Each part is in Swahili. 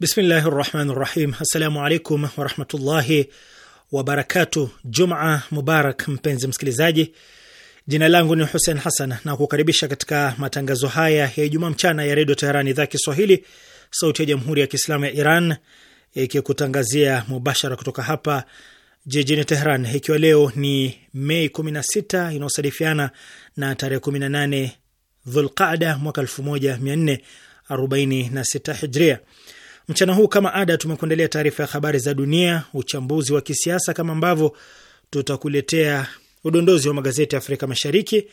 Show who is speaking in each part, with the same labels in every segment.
Speaker 1: Bismillahi rahmani rahim. Assalamu alaikum warahmatullahi wabarakatu. Juma mubarak, mpenzi msikilizaji. Jina langu ni Hussein Hassan na kukaribisha katika matangazo haya ya Ijumaa mchana ya Redio Teheran, idhaa Kiswahili, sauti ya Jamhuri ya Kiislamu ya Iran, ikikutangazia mubashara kutoka hapa jijini Teheran, ikiwa leo ni Mei 16 inayosadifiana na tarehe 18 Dhulqada mwaka 1446 Hijria. Mchana huu kama ada, tumekuandalia taarifa ya habari za dunia, uchambuzi wa kisiasa, kama ambavyo tutakuletea udondozi wa magazeti ya Afrika Mashariki,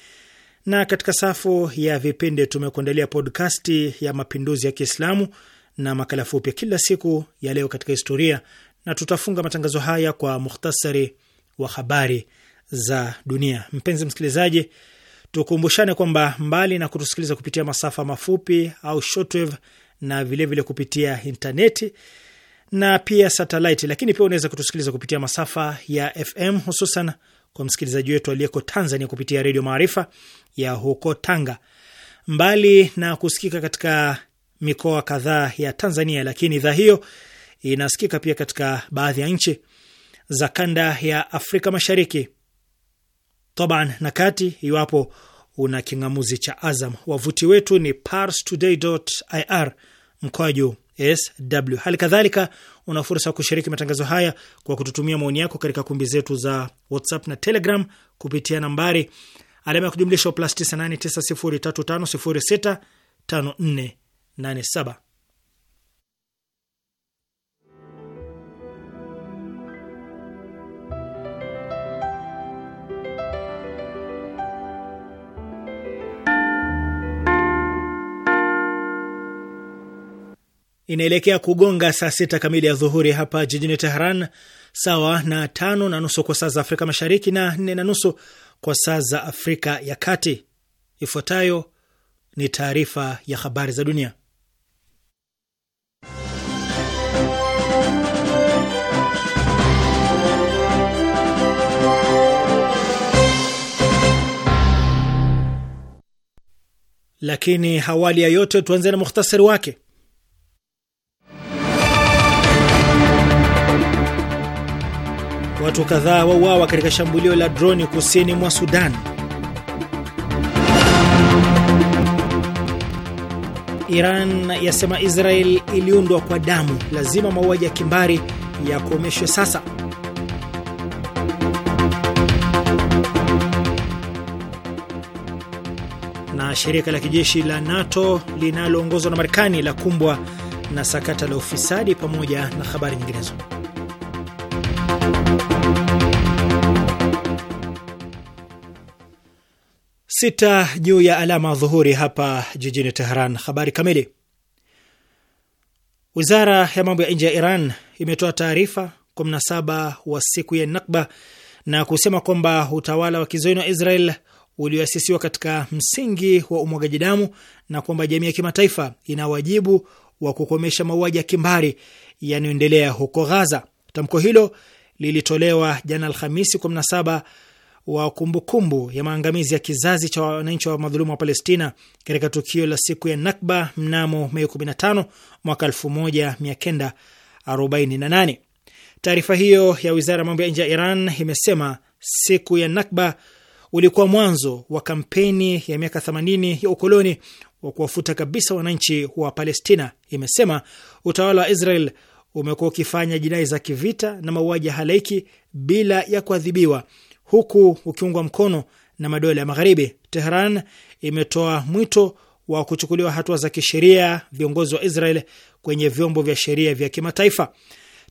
Speaker 1: na katika safu ya vipindi tumekuandalia podkasti ya mapinduzi ya Kiislamu na makala fupi kila siku ya leo katika historia, na tutafunga matangazo haya kwa muhtasari wa habari za dunia. Mpenzi msikilizaji, tukumbushane kwamba mbali na kutusikiliza kupitia masafa mafupi au shortwave na vilevile vile kupitia intaneti na pia satelaiti, lakini pia unaweza kutusikiliza kupitia masafa ya FM hususan kwa msikilizaji wetu aliyeko Tanzania kupitia Redio Maarifa ya huko Tanga. Mbali na kusikika katika mikoa kadhaa ya Tanzania, lakini idhaa hiyo inasikika pia katika baadhi ya nchi za kanda ya Afrika Mashariki toban na kati, iwapo una king'amuzi cha Azam. Wavuti wetu ni parstoday.ir mkwaju sw. Hali kadhalika una fursa ya kushiriki matangazo haya kwa kututumia maoni yako katika kumbi zetu za WhatsApp na Telegram kupitia nambari alama ya kujumlisha plus 989035065487. inaelekea kugonga saa sita kamili ya dhuhuri hapa jijini teheran sawa na tano na nusu kwa saa za Afrika Mashariki na nne na nusu kwa saa za Afrika ya Kati. Ifuatayo ni taarifa ya habari za dunia, lakini awali ya yote tuanze na muhtasari wake. Watu kadhaa wauawa katika shambulio la droni kusini mwa Sudan. Iran yasema Israel iliundwa kwa damu, lazima mauaji ya kimbari yakomeshwe sasa. Na shirika la kijeshi la NATO linaloongozwa na Marekani la kumbwa na sakata la ufisadi, pamoja na habari nyinginezo. sita juu ya alama dhuhuri hapa jijini Tehran. Habari kamili. Wizara ya mambo ya nje ya Iran imetoa taarifa kwa mnasaba wa siku ya Nakba na kusema kwamba utawala wa kizayuni wa Israel ulioasisiwa katika msingi wa umwagaji damu na kwamba jamii ya kimataifa ina wajibu wa kukomesha mauaji ya kimbari yanayoendelea huko Ghaza. Tamko hilo lilitolewa jana Alhamisi kwa mnasaba wa kumbukumbu kumbu ya maangamizi ya kizazi cha wananchi wa madhulumu wa Palestina katika tukio la siku ya Nakba mnamo Mei 15 mwaka 1948. Taarifa hiyo ya wizara ya mambo ya nje ya Iran imesema siku ya Nakba ulikuwa mwanzo wa kampeni ya miaka 80 ya ukoloni wa kuwafuta kabisa wananchi wa Palestina. Imesema utawala wa Israel umekuwa ukifanya jinai za kivita na mauaji ya halaiki bila ya kuadhibiwa huku ukiungwa mkono na madola ya Magharibi. Tehran imetoa mwito wa kuchukuliwa hatua za kisheria viongozi wa Israel kwenye vyombo vya sheria vya kimataifa.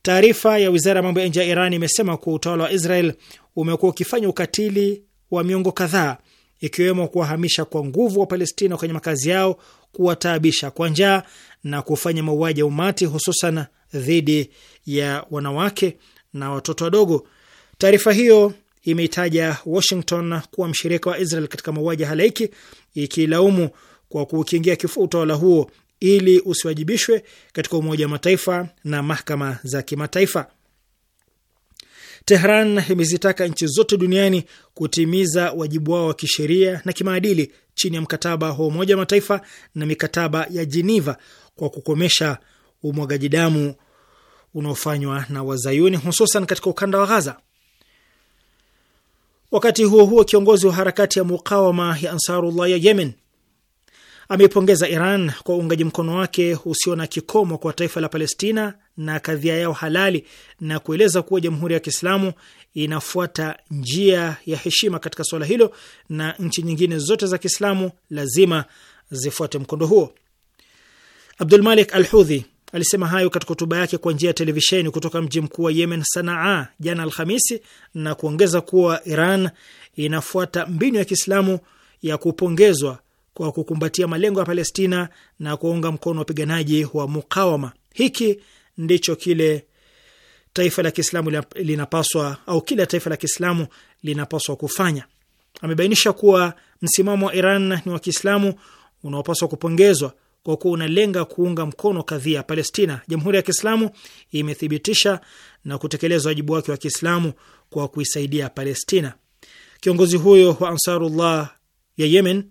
Speaker 1: Taarifa ya wizara ya mambo ya nje ya Iran imesema kuwa utawala wa Israel umekuwa ukifanya ukatili wa miongo kadhaa, ikiwemo kuwahamisha kwa nguvu wa Palestina kwenye makazi yao, kuwataabisha kwa njaa na kufanya mauaji ya umati, hususan dhidi ya wanawake na watoto wadogo. Taarifa hiyo imeitaja Washington kuwa mshirika wa Israel katika mauaji halaiki, ikilaumu kwa kukiingia kifua utawala huo ili usiwajibishwe katika Umoja wa Mataifa na mahakama za kimataifa. Tehran imezitaka nchi zote duniani kutimiza wajibu wao wa kisheria na kimaadili chini ya mkataba wa Umoja wa Mataifa na mikataba ya jiniva kwa kukomesha umwagaji damu unaofanywa na Wazayuni, hususan katika ukanda wa Ghaza. Wakati huo huo, kiongozi wa harakati ya mukawama ya Ansarullah ya Yemen ameipongeza Iran kwa uungaji mkono wake usio na kikomo kwa taifa la Palestina na kadhia yao halali na kueleza kuwa Jamhuri ya Kiislamu inafuata njia ya heshima katika suala hilo na nchi nyingine zote za Kiislamu lazima zifuate mkondo huo. Abdulmalik Alhudhi Alisema hayo katika hotuba yake kwa njia ya televisheni kutoka mji mkuu wa Yemen, Sanaa, jana Alhamisi, na kuongeza kuwa Iran inafuata mbinu ya Kiislamu ya kupongezwa kwa kukumbatia malengo ya Palestina na kuwaunga mkono wapiganaji wa mukawama. Hiki ndicho kile taifa la Kiislamu linapaswa au kila taifa la Kiislamu linapaswa kufanya. Amebainisha kuwa msimamo wa Iran ni wa Kiislamu unaopaswa kupongezwa kwa kuwa unalenga kuunga mkono kadhia ya Palestina. Jamhuri ya Kiislamu imethibitisha na kutekeleza wajibu wake wa Kiislamu kwa kuisaidia Palestina. Kiongozi huyo wa Ansarullah ya Yemen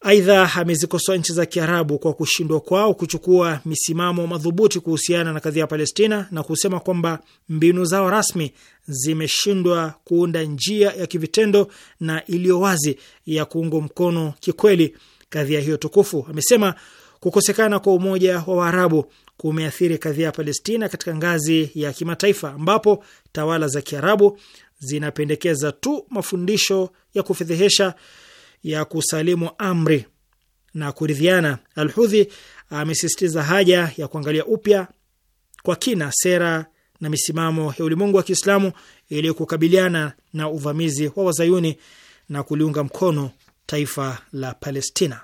Speaker 1: aidha amezikosoa nchi za Kiarabu kwa kushindwa kwao kuchukua misimamo madhubuti kuhusiana na kadhia ya Palestina na kusema kwamba mbinu zao rasmi zimeshindwa kuunda njia ya kivitendo na iliyo wazi ya kuungwa mkono kikweli kadhia hiyo tukufu. Amesema kukosekana kwa umoja wa Waarabu kumeathiri kadhia ya Palestina katika ngazi ya kimataifa, ambapo tawala za Kiarabu zinapendekeza tu mafundisho ya kufedhehesha ya kusalimu amri na kuridhiana. Alhudhi amesisitiza haja ya kuangalia upya kwa kina sera na misimamo ya ulimwengu wa Kiislamu ili kukabiliana na uvamizi wa Wazayuni na kuliunga mkono taifa la Palestina.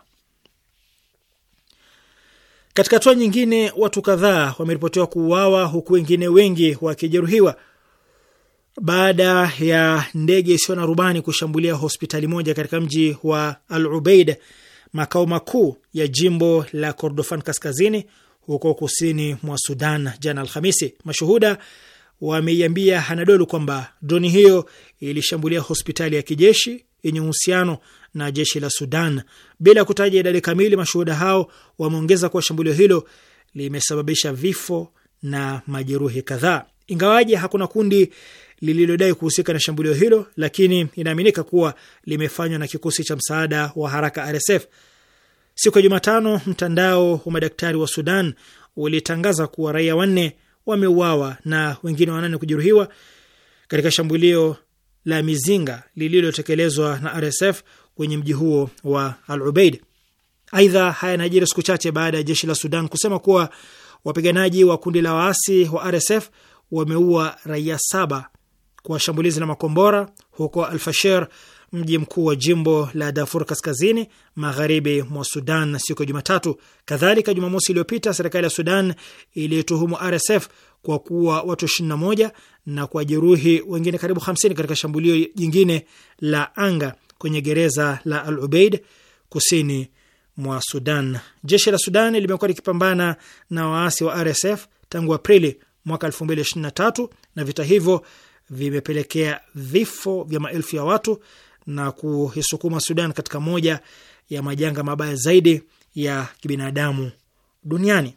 Speaker 1: Katika hatua nyingine, watu kadhaa wameripotiwa kuuawa huku wengine wengi wakijeruhiwa baada ya ndege isiyo na rubani kushambulia hospitali moja katika mji wa Al Ubeid, makao makuu ya jimbo la Kordofan Kaskazini, huko kusini mwa Sudan jana Alhamisi. Mashuhuda wameiambia Hanadolu kwamba droni hiyo ilishambulia hospitali ya kijeshi yenye uhusiano na jeshi la Sudan. Bila kutaja idadi kamili, mashuhuda hao wameongeza kuwa shambulio hilo limesababisha vifo na majeruhi kadhaa. Ingawaje hakuna kundi lililodai kuhusika na shambulio hilo, lakini inaaminika kuwa limefanywa na kikosi cha msaada wa haraka RSF. Siku ya Jumatano, mtandao wa madaktari wa Sudan ulitangaza kuwa raia wanne wameuawa na wengine wanane kujeruhiwa katika shambulio la mizinga lililotekelezwa na RSF wenye mji huo wa Al Ubeid. Aidha, haya yanajiri siku chache baada ya jeshi la Sudan kusema kuwa wapiganaji wa kundi la waasi wa RSF wameua raia saba kwa shambulizi la makombora huko Alfasher, mji mkuu wa jimbo la Darfur kaskazini magharibi mwa Sudan siku ya Jumatatu. Kadhalika, Jumamosi iliyopita serikali ya Sudan ilituhumu RSF kwa kuua watu 21 na kwa jeruhi wengine karibu 50 katika shambulio jingine la anga kwenye gereza la Al Ubeid kusini mwa Sudan. Jeshi la Sudan limekuwa likipambana na waasi wa RSF tangu Aprili mwaka 2023 na vita hivyo vimepelekea vifo vya maelfu ya watu na kuisukuma Sudan katika moja ya majanga mabaya zaidi ya kibinadamu duniani.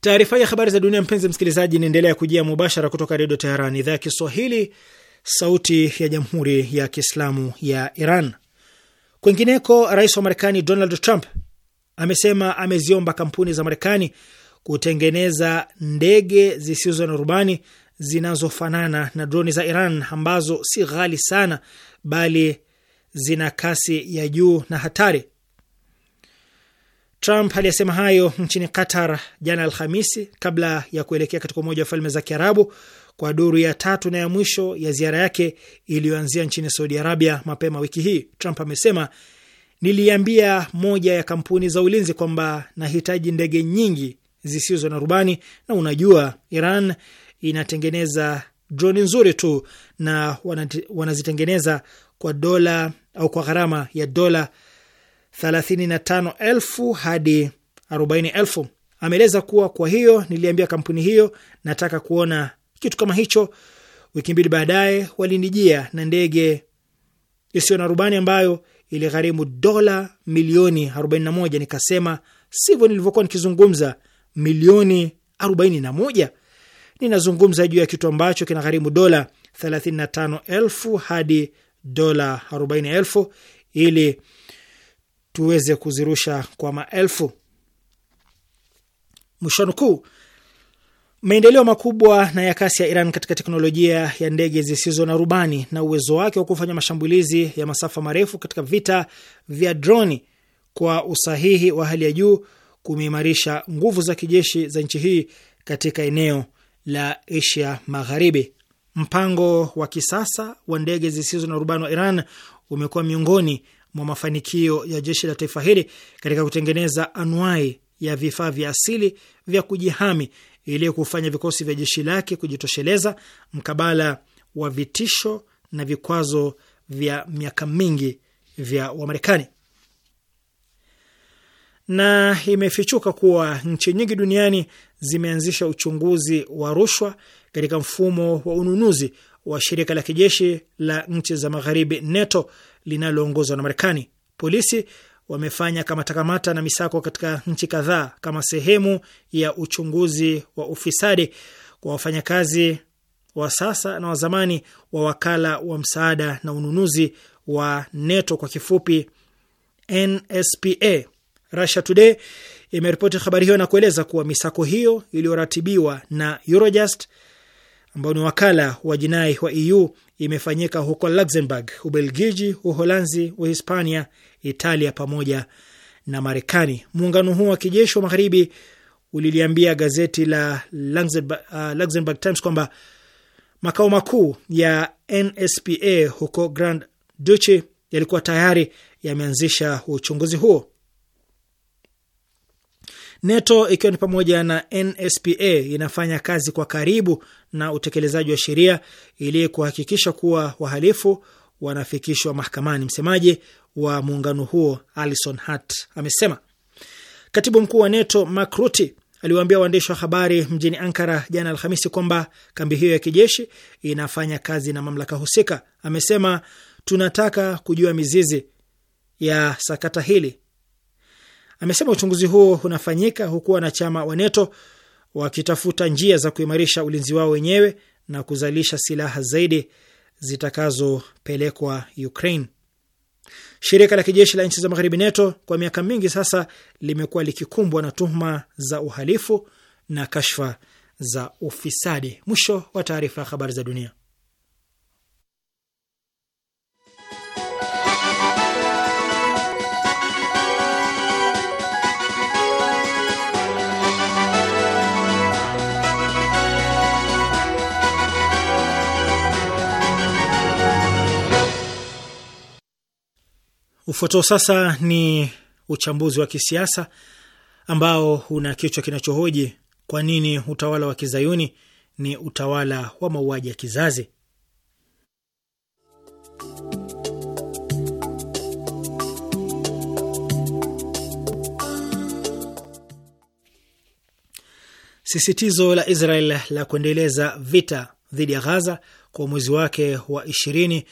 Speaker 1: Taarifa ya habari za dunia, mpenzi msikilizaji, inaendelea kujia mubashara kutoka Redio Teheran, idhaa ya Kiswahili, Sauti ya Jamhuri ya Kiislamu ya Iran. Kwingineko, rais wa Marekani Donald Trump amesema ameziomba kampuni za Marekani kutengeneza ndege zisizo na rubani zinazofanana na droni za Iran ambazo si ghali sana, bali zina kasi ya juu na hatari. Trump aliyesema hayo nchini Qatar jana Alhamisi, kabla ya kuelekea katika Umoja wa Falme za Kiarabu kwa duru ya tatu na ya mwisho ya ziara yake iliyoanzia nchini Saudi Arabia mapema wiki hii. Trump amesema, niliambia moja ya kampuni za ulinzi kwamba nahitaji ndege nyingi zisizo na rubani, na unajua Iran inatengeneza droni nzuri tu na wanazitengeneza kwa dola au kwa gharama ya dola 35,000 hadi 40,000. Ameeleza kuwa kwa hiyo niliambia kampuni hiyo nataka kuona kitu kama hicho wiki mbili baadaye walinijia na ndege isiyo na rubani ambayo iligharimu dola milioni 41. Nikasema sivyo nilivyokuwa nikizungumza, milioni 41. Ninazungumza juu ya kitu ambacho kinagharimu dola 35,000 hadi dola 40,000 ili tuweze kuzirusha kwa maelfu. Mwisho nukuu. Maendeleo makubwa na ya kasi ya Iran katika teknolojia ya ndege zisizo na rubani na uwezo wake wa kufanya mashambulizi ya masafa marefu katika vita vya droni kwa usahihi wa hali ya juu kumeimarisha nguvu za kijeshi za nchi hii katika eneo la Asia Magharibi. Mpango wa kisasa wa ndege zisizo na rubani wa Iran umekuwa miongoni mwa mafanikio ya jeshi la taifa hili katika kutengeneza anuai ya vifaa vya asili vya kujihami ili kufanya vikosi vya jeshi lake kujitosheleza mkabala wa vitisho na vikwazo vya miaka mingi vya Wamarekani. Na imefichuka kuwa nchi nyingi duniani zimeanzisha uchunguzi wa rushwa katika mfumo wa ununuzi wa shirika la kijeshi la nchi za magharibi NATO linaloongozwa na Marekani. Polisi wamefanya kamatakamata na misako katika nchi kadhaa kama sehemu ya uchunguzi wa ufisadi kwa wafanyakazi wa sasa na wa zamani wa wakala wa msaada na ununuzi wa NETO kwa kifupi NSPA. Russia Today imeripoti habari hiyo na kueleza kuwa misako hiyo iliyoratibiwa na Eurojust ambao ni wakala wa jinai wa EU imefanyika huko Luxembourg, Ubelgiji, Uholanzi, Uhispania, Italia pamoja na Marekani. Muungano huo wa kijeshi wa magharibi uliliambia gazeti la Luxembourg, uh, Luxembourg Times kwamba makao makuu ya NSPA huko Grand Duchy yalikuwa tayari yameanzisha uchunguzi huo. NATO ikiwa ni pamoja na NSPA inafanya kazi kwa karibu na utekelezaji wa sheria ili kuhakikisha kuwa wahalifu wanafikishwa mahakamani. Msemaji wa muungano huo Alison Hart amesema. Katibu mkuu wa NATO Mark Rutte aliwaambia waandishi wa habari mjini Ankara jana Alhamisi kwamba kambi hiyo ya kijeshi inafanya kazi na mamlaka husika. Amesema, tunataka kujua mizizi ya sakata hili. Amesema uchunguzi huo unafanyika huku wanachama wa NATO wakitafuta njia za kuimarisha ulinzi wao wenyewe na kuzalisha silaha zaidi zitakazopelekwa Ukraine. Shirika la kijeshi la nchi za magharibi NATO kwa miaka mingi sasa limekuwa likikumbwa na tuhuma za uhalifu na kashfa za ufisadi. Mwisho wa taarifa ya habari za dunia. Ufuatao sasa ni uchambuzi wa kisiasa ambao una kichwa kinachohoji kwa nini utawala wa kizayuni ni utawala wa mauaji ya kizazi. Sisitizo la Israel la kuendeleza vita dhidi ya Ghaza kwa mwezi wake wa ishirini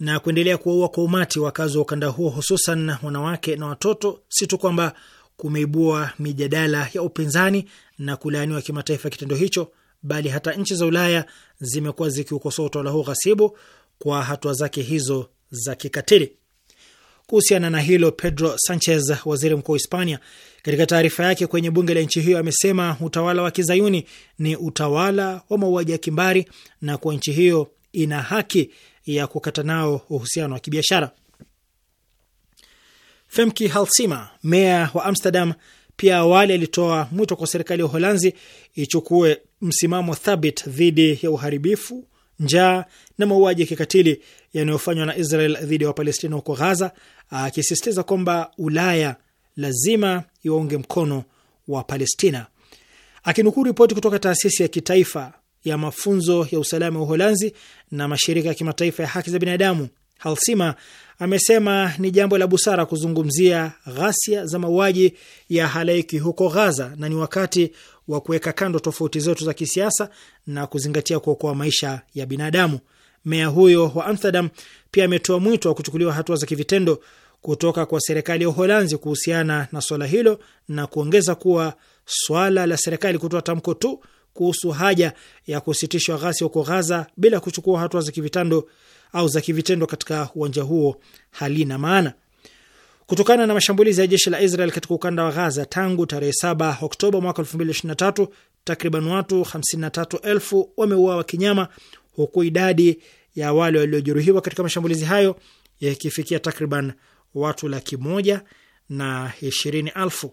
Speaker 1: na kuendelea kuwaua kwa umati wakazi wa ukanda huo, hususan wanawake na watoto, si tu kwamba kumeibua mijadala ya upinzani na kulaaniwa kimataifa kitendo hicho, bali hata nchi za Ulaya zimekuwa zikiukosoa utawala huo ghasibu kwa hatua zake hizo za kikatili. Kuhusiana na hilo, Pedro Sanchez, waziri mkuu wa Hispania, katika taarifa yake kwenye bunge la nchi hiyo amesema utawala wa kizayuni ni utawala wa mauaji ya kimbari na kuwa nchi hiyo ina haki ya kukata nao uhusiano wa kibiashara. Femke Halsema, meya wa Amsterdam, pia awali alitoa mwito kwa serikali ya Uholanzi ichukue msimamo thabit dhidi ya uharibifu, njaa na mauaji ya kikatili yanayofanywa na Israel dhidi ya Wapalestina huko Ghaza, akisisitiza kwamba Ulaya lazima iwaunge mkono wa Palestina. Akinukuu ripoti kutoka taasisi ya kitaifa ya mafunzo ya usalama wa Uholanzi na mashirika ya kimataifa ya haki za binadamu, Halsima amesema ni jambo la busara kuzungumzia ghasia za mauaji ya halaiki huko Ghaza na ni wakati wa kuweka kando tofauti zetu za kisiasa na kuzingatia kuokoa maisha ya binadamu. Meya huyo wa Amsterdam pia ametoa mwito wa kuchukuliwa hatua za kivitendo kutoka kwa serikali ya Uholanzi kuhusiana na swala hilo na kuongeza kuwa swala la serikali kutoa tamko tu kuhusu haja ya kusitishwa ghasia huko Gaza bila kuchukua hatua za kivitando au za kivitendo katika uwanja huo halina maana kutokana na mashambulizi ya jeshi la Israel katika ukanda wa Gaza tangu tarehe 7 Oktoba mwaka 2023, takriban watu 53,000 wameuawa kinyama, huku idadi ya wale waliojeruhiwa katika mashambulizi hayo yakifikia takriban watu laki moja na elfu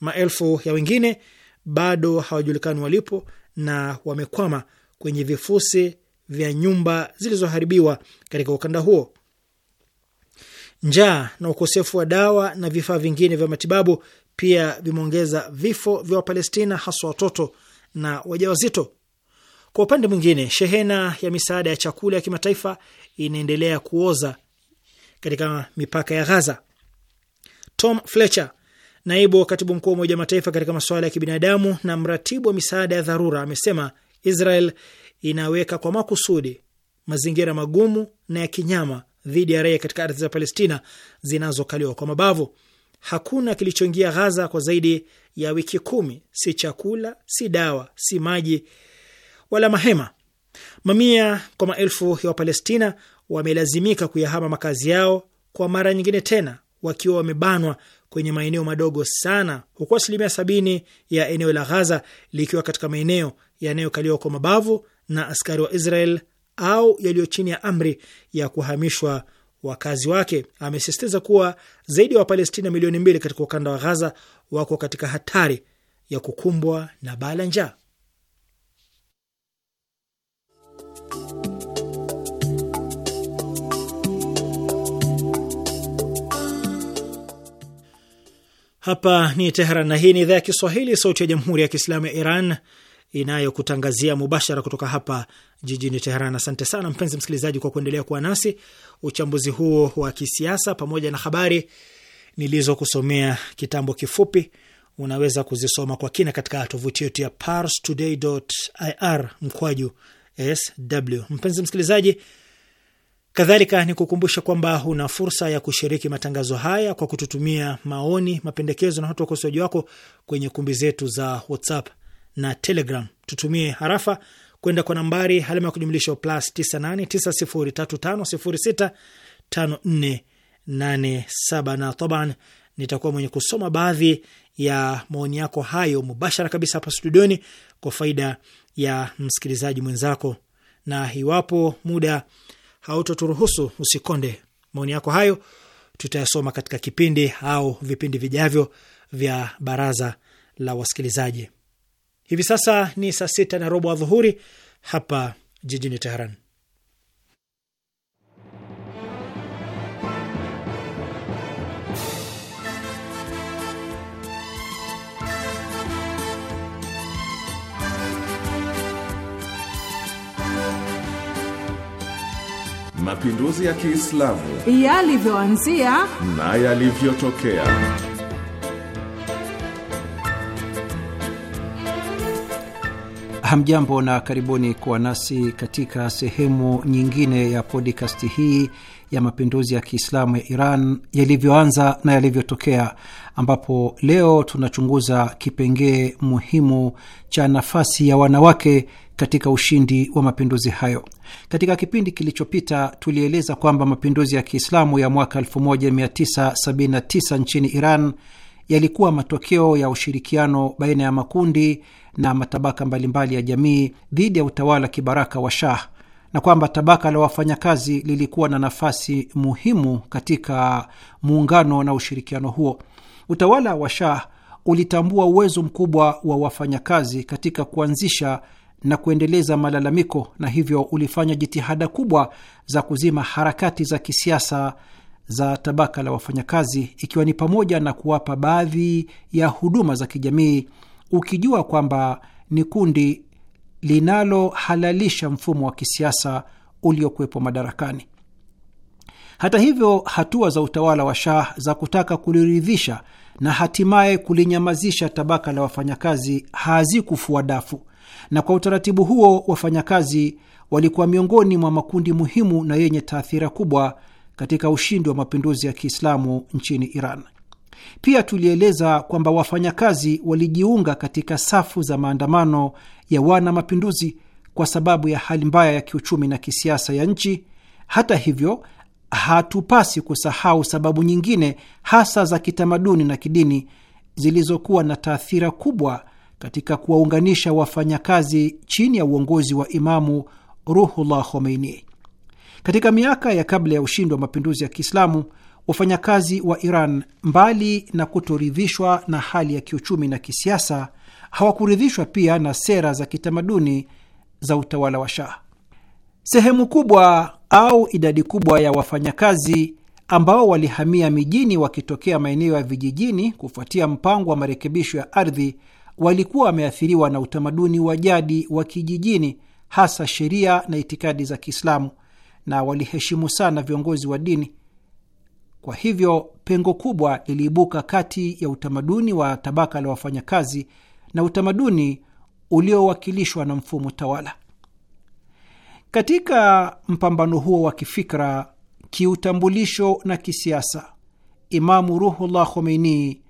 Speaker 1: Maelfu ya wengine bado hawajulikani walipo na wamekwama kwenye vifusi vya nyumba zilizoharibiwa katika ukanda huo. Njaa na ukosefu wa dawa na vifaa vingine vya matibabu pia vimeongeza vifo vya Wapalestina, haswa watoto na wajawazito. Kwa upande mwingine, shehena ya misaada ya chakula ya kimataifa inaendelea kuoza katika mipaka ya Gaza. Tom Fletcher Naibu katibu mkuu wa Umoja Mataifa katika masuala ya kibinadamu na mratibu wa misaada ya dharura amesema Israel inaweka kwa makusudi mazingira magumu na ya kinyama dhidi ya raia katika ardhi za Palestina zinazokaliwa kwa mabavu. Hakuna kilichoingia Ghaza kwa zaidi ya wiki kumi, si chakula, si dawa, si maji wala mahema. Mamia kwa maelfu ya Wapalestina wamelazimika kuyahama makazi yao kwa mara nyingine tena, wakiwa wamebanwa kwenye maeneo madogo sana, huku asilimia sabini ya eneo la Ghaza likiwa katika maeneo yanayokaliwa kwa mabavu na askari wa Israel au yaliyo chini ya amri ya kuhamishwa wakazi wake. Amesisitiza kuwa zaidi ya wa Wapalestina milioni mbili katika ukanda wa Ghaza wako katika hatari ya kukumbwa na baa la njaa. Hapa ni Teheran na hii ni idhaa ya Kiswahili, sauti ya jamhuri ya kiislamu ya Iran inayokutangazia mubashara kutoka hapa jijini Teheran. Asante sana mpenzi msikilizaji kwa kuendelea kuwa nasi. Uchambuzi huo wa kisiasa pamoja na habari nilizokusomea kitambo kifupi unaweza kuzisoma kwa kina katika tovuti yetu ya parstoday.ir mkwaju sw. Mpenzi msikilizaji Kadhalika ni kukumbusha kwamba una fursa ya kushiriki matangazo haya kwa kututumia maoni, mapendekezo na hata ukosoaji wako kwenye kumbi zetu za WhatsApp na Telegram. Tutumie harafa kwenda kwa nambari halama ya kujumlisha plus 989035065487 na taban, nitakuwa mwenye kusoma baadhi ya maoni yako hayo mubashara kabisa hapa studioni kwa faida ya msikilizaji mwenzako, na iwapo muda hautoturuhusu usikonde. Maoni yako hayo tutayasoma katika kipindi au vipindi vijavyo vya baraza la wasikilizaji. Hivi sasa ni saa sita na robo adhuhuri hapa jijini Teheran.
Speaker 2: mapinduzi ya Kiislamu yalivyoanzia na yalivyotokea.
Speaker 3: Hamjambo na karibuni kuwa nasi katika sehemu nyingine ya podcast hii ya mapinduzi ya Kiislamu ya Iran yalivyoanza na yalivyotokea, ambapo leo tunachunguza kipengee muhimu cha nafasi ya wanawake katika ushindi wa mapinduzi hayo. Katika kipindi kilichopita, tulieleza kwamba mapinduzi ya Kiislamu ya mwaka 1979 nchini Iran yalikuwa matokeo ya ushirikiano baina ya makundi na matabaka mbalimbali ya jamii dhidi ya utawala kibaraka wa Shah na kwamba tabaka la wafanyakazi lilikuwa na nafasi muhimu katika muungano na ushirikiano huo. Utawala wa Shah ulitambua uwezo mkubwa wa wafanyakazi katika kuanzisha na kuendeleza malalamiko na hivyo ulifanya jitihada kubwa za kuzima harakati za kisiasa za tabaka la wafanyakazi, ikiwa ni pamoja na kuwapa baadhi ya huduma za kijamii, ukijua kwamba ni kundi linalohalalisha mfumo wa kisiasa uliokuwepo madarakani. Hata hivyo, hatua za utawala wa Shah za kutaka kuliridhisha na hatimaye kulinyamazisha tabaka la wafanyakazi hazikufua dafu na kwa utaratibu huo wafanyakazi walikuwa miongoni mwa makundi muhimu na yenye taathira kubwa katika ushindi wa mapinduzi ya Kiislamu nchini Iran. Pia tulieleza kwamba wafanyakazi walijiunga katika safu za maandamano ya wana mapinduzi kwa sababu ya hali mbaya ya kiuchumi na kisiasa ya nchi. Hata hivyo, hatupasi kusahau sababu nyingine, hasa za kitamaduni na kidini, zilizokuwa na taathira kubwa katika kuwaunganisha wafanyakazi chini ya uongozi wa Imamu Ruhullah Khomeini. Katika miaka ya kabla ya ushindi wa mapinduzi ya Kiislamu, wafanyakazi wa Iran, mbali na kutoridhishwa na hali ya kiuchumi na kisiasa, hawakuridhishwa pia na sera za kitamaduni za utawala wa Shah. Sehemu kubwa au idadi kubwa ya wafanyakazi ambao walihamia mijini wakitokea maeneo ya vijijini kufuatia mpango wa marekebisho ya ardhi walikuwa wameathiriwa na utamaduni wa jadi wa kijijini, hasa sheria na itikadi za Kiislamu, na waliheshimu sana viongozi wa dini. Kwa hivyo pengo kubwa liliibuka kati ya utamaduni wa tabaka la wafanyakazi na utamaduni uliowakilishwa na mfumo tawala. Katika mpambano huo wa kifikra, kiutambulisho na kisiasa, Imamu Ruhullah Khomeini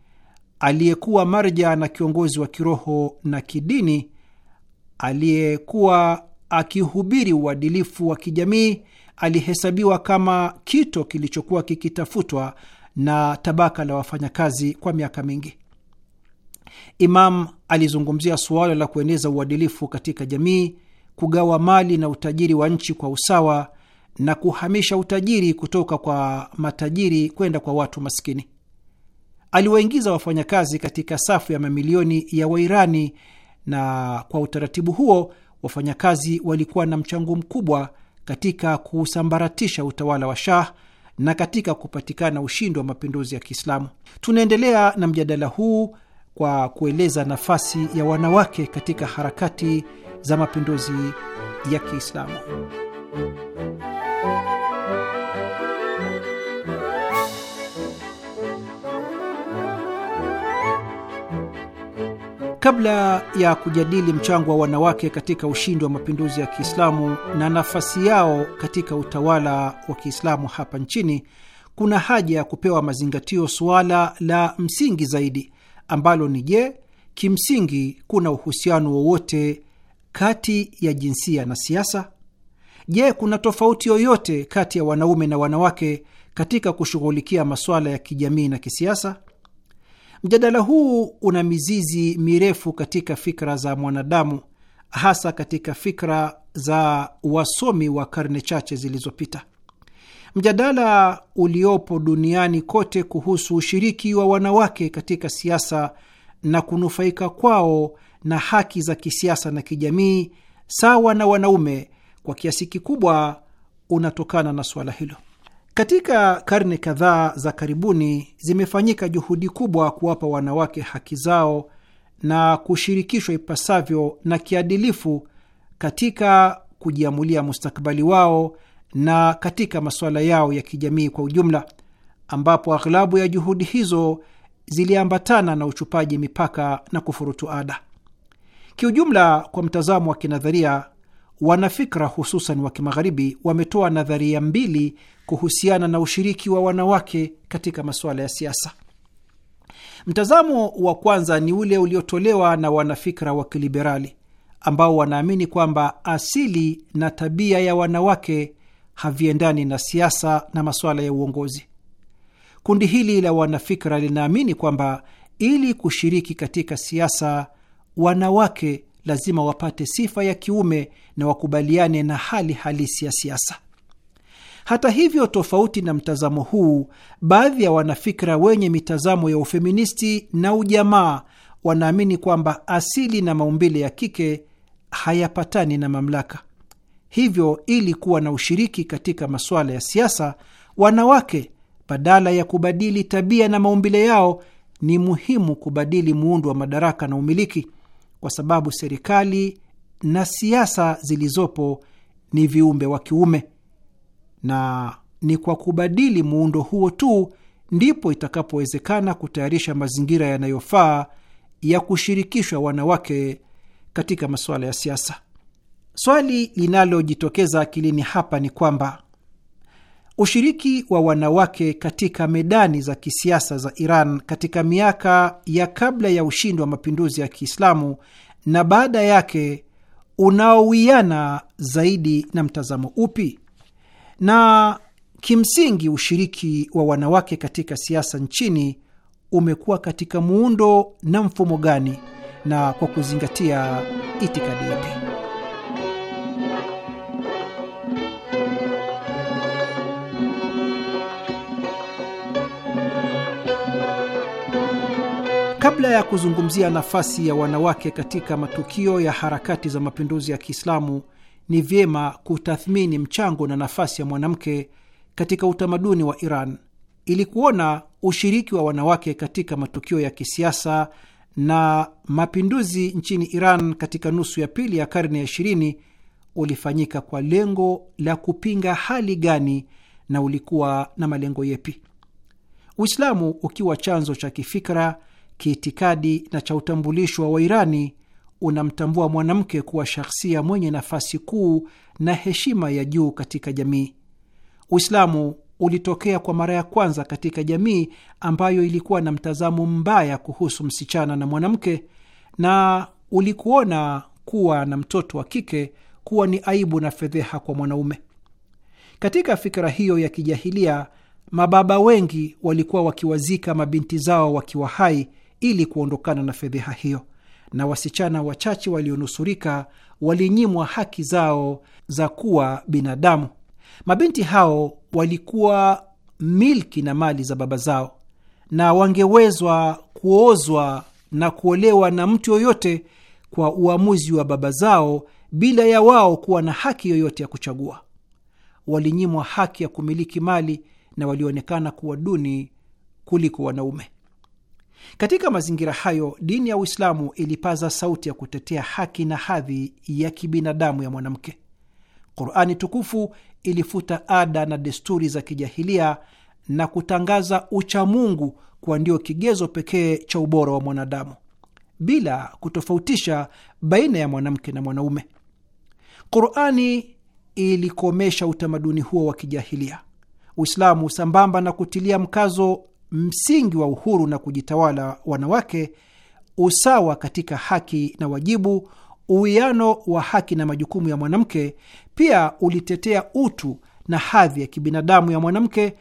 Speaker 3: aliyekuwa marja na kiongozi wa kiroho na kidini, aliyekuwa akihubiri uadilifu wa kijamii, alihesabiwa kama kito kilichokuwa kikitafutwa na tabaka la wafanyakazi kwa miaka mingi. Imam alizungumzia suala la kueneza uadilifu katika jamii, kugawa mali na utajiri wa nchi kwa usawa na kuhamisha utajiri kutoka kwa matajiri kwenda kwa watu maskini aliwaingiza wafanyakazi katika safu ya mamilioni ya Wairani, na kwa utaratibu huo wafanyakazi walikuwa na mchango mkubwa katika kusambaratisha utawala wa Shah na katika kupatikana ushindi wa mapinduzi ya Kiislamu. Tunaendelea na mjadala huu kwa kueleza nafasi ya wanawake katika harakati za mapinduzi ya Kiislamu. Kabla ya kujadili mchango wa wanawake katika ushindi wa mapinduzi ya Kiislamu na nafasi yao katika utawala wa Kiislamu hapa nchini, kuna haja ya kupewa mazingatio suala la msingi zaidi ambalo ni je, kimsingi kuna uhusiano wowote kati ya jinsia na siasa? Je, kuna tofauti yoyote kati ya wanaume na wanawake katika kushughulikia masuala ya kijamii na kisiasa? Mjadala huu una mizizi mirefu katika fikra za mwanadamu, hasa katika fikra za wasomi wa karne chache zilizopita. Mjadala uliopo duniani kote kuhusu ushiriki wa wanawake katika siasa na kunufaika kwao na haki za kisiasa na kijamii sawa na wanaume, kwa kiasi kikubwa unatokana na suala hilo. Katika karne kadhaa za karibuni zimefanyika juhudi kubwa kuwapa wanawake haki zao na kushirikishwa ipasavyo na kiadilifu katika kujiamulia mustakabali wao na katika masuala yao ya kijamii kwa ujumla, ambapo aghlabu ya juhudi hizo ziliambatana na uchupaji mipaka na kufurutu ada. Kiujumla, kwa mtazamo wa kinadharia, Wanafikra hususan wa kimagharibi wametoa nadharia mbili kuhusiana na ushiriki wa wanawake katika masuala ya siasa. Mtazamo wa kwanza ni ule uliotolewa na wanafikra wa kiliberali ambao wanaamini kwamba asili na tabia ya wanawake haviendani na siasa na masuala ya uongozi. Kundi hili la wanafikra linaamini kwamba ili kushiriki katika siasa, wanawake lazima wapate sifa ya kiume na wakubaliane na hali halisi ya siasa. Hata hivyo, tofauti na mtazamo huu, baadhi ya wanafikra wenye mitazamo ya ufeministi na ujamaa wanaamini kwamba asili na maumbile ya kike hayapatani na mamlaka. Hivyo, ili kuwa na ushiriki katika masuala ya siasa, wanawake badala ya kubadili tabia na maumbile yao, ni muhimu kubadili muundo wa madaraka na umiliki kwa sababu serikali na siasa zilizopo ni viumbe wa kiume, na ni kwa kubadili muundo huo tu ndipo itakapowezekana kutayarisha mazingira yanayofaa ya kushirikishwa wanawake katika masuala ya siasa. Swali linalojitokeza akilini hapa ni kwamba Ushiriki wa wanawake katika medani za kisiasa za Iran katika miaka ya kabla ya ushindi wa mapinduzi ya Kiislamu na baada yake unaowiana zaidi na mtazamo upi? Na kimsingi ushiriki wa wanawake katika siasa nchini umekuwa katika muundo na mfumo gani na kwa kuzingatia itikadi yapi? Kabla ya kuzungumzia nafasi ya wanawake katika matukio ya harakati za mapinduzi ya Kiislamu, ni vyema kutathmini mchango na nafasi ya mwanamke katika utamaduni wa Iran ili kuona ushiriki wa wanawake katika matukio ya kisiasa na mapinduzi nchini Iran katika nusu ya pili ya karne ya ishirini ulifanyika kwa lengo la kupinga hali gani na ulikuwa na malengo yepi. Uislamu ukiwa chanzo cha kifikra kiitikadi na cha utambulisho wa Wairani unamtambua mwanamke kuwa shahsia mwenye nafasi kuu na heshima ya juu katika jamii. Uislamu ulitokea kwa mara ya kwanza katika jamii ambayo ilikuwa na mtazamo mbaya kuhusu msichana na mwanamke, na ulikuona kuwa na mtoto wa kike kuwa ni aibu na fedheha kwa mwanaume. Katika fikra hiyo ya kijahilia, mababa wengi walikuwa wakiwazika mabinti zao wakiwa hai ili kuondokana na fedheha hiyo, na wasichana wachache walionusurika walinyimwa haki zao za kuwa binadamu. Mabinti hao walikuwa milki na mali za baba zao, na wangewezwa kuozwa na kuolewa na mtu yoyote kwa uamuzi wa baba zao bila ya wao kuwa na haki yoyote ya kuchagua. Walinyimwa haki ya kumiliki mali na walionekana kuwa duni kuliko wanaume. Katika mazingira hayo, dini ya Uislamu ilipaza sauti ya kutetea haki na hadhi ya kibinadamu ya mwanamke. Qurani tukufu ilifuta ada na desturi za kijahilia na kutangaza uchamungu kuwa ndio kigezo pekee cha ubora wa mwanadamu bila kutofautisha baina ya mwanamke na mwanaume. Qurani ilikomesha utamaduni huo wa kijahilia. Uislamu, sambamba na kutilia mkazo msingi wa uhuru na kujitawala wanawake, usawa katika haki na wajibu, uwiano wa haki na majukumu ya mwanamke. Pia ulitetea utu na hadhi ya kibinadamu ya mwanamke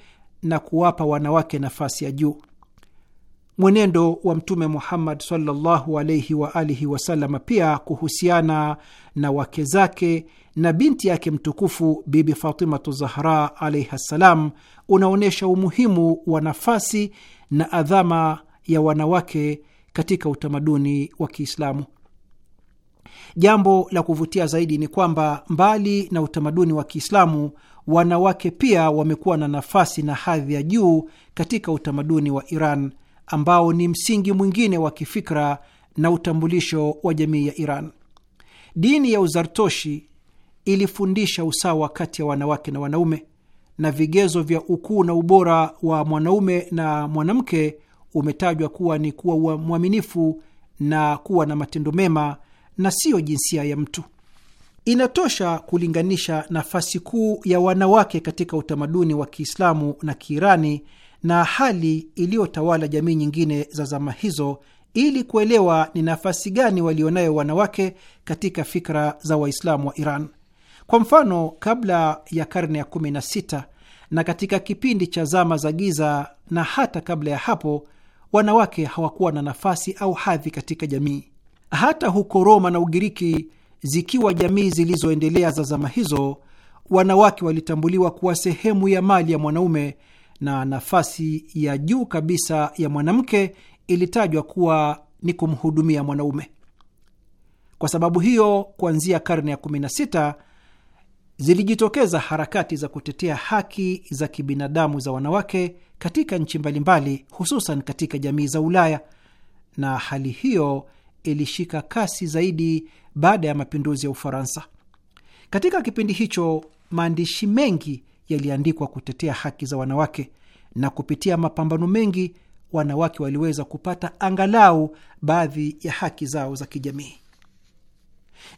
Speaker 3: na kuwapa wanawake nafasi ya juu. Mwenendo wa Mtume Muhammad sallallahu alaihi wa alihi wasallam pia kuhusiana na wake zake na binti yake mtukufu Bibi Fatimatu Zahra alaihi ssalam unaonyesha umuhimu wa nafasi na adhama ya wanawake katika utamaduni wa Kiislamu. Jambo la kuvutia zaidi ni kwamba mbali na utamaduni wa Kiislamu, wanawake pia wamekuwa na nafasi na hadhi ya juu katika utamaduni wa Iran ambao ni msingi mwingine wa kifikra na utambulisho wa jamii ya Iran. Dini ya Uzartoshi ilifundisha usawa kati ya wanawake na wanaume, na vigezo vya ukuu na ubora wa mwanaume na mwanamke umetajwa kuwa ni kuwa mwaminifu na kuwa na matendo mema na siyo jinsia ya mtu. Inatosha kulinganisha nafasi kuu ya wanawake katika utamaduni wa Kiislamu na Kiirani na hali iliyotawala jamii nyingine za zama hizo ili kuelewa ni nafasi gani walionayo wanawake katika fikra za Waislamu wa Iran. Kwa mfano, kabla ya karne ya 16 na katika kipindi cha zama za giza na hata kabla ya hapo, wanawake hawakuwa na nafasi au hadhi katika jamii. Hata huko Roma na Ugiriki, zikiwa jamii zilizoendelea za zama hizo, wanawake walitambuliwa kuwa sehemu ya mali ya mwanaume na nafasi ya juu kabisa ya mwanamke ilitajwa kuwa ni kumhudumia mwanaume. Kwa sababu hiyo, kuanzia karne ya 16 zilijitokeza harakati za kutetea haki za kibinadamu za wanawake katika nchi mbalimbali, hususan katika jamii za Ulaya, na hali hiyo ilishika kasi zaidi baada ya mapinduzi ya Ufaransa. Katika kipindi hicho, maandishi mengi yaliandikwa kutetea haki za wanawake, na kupitia mapambano mengi wanawake waliweza kupata angalau baadhi ya haki zao za kijamii.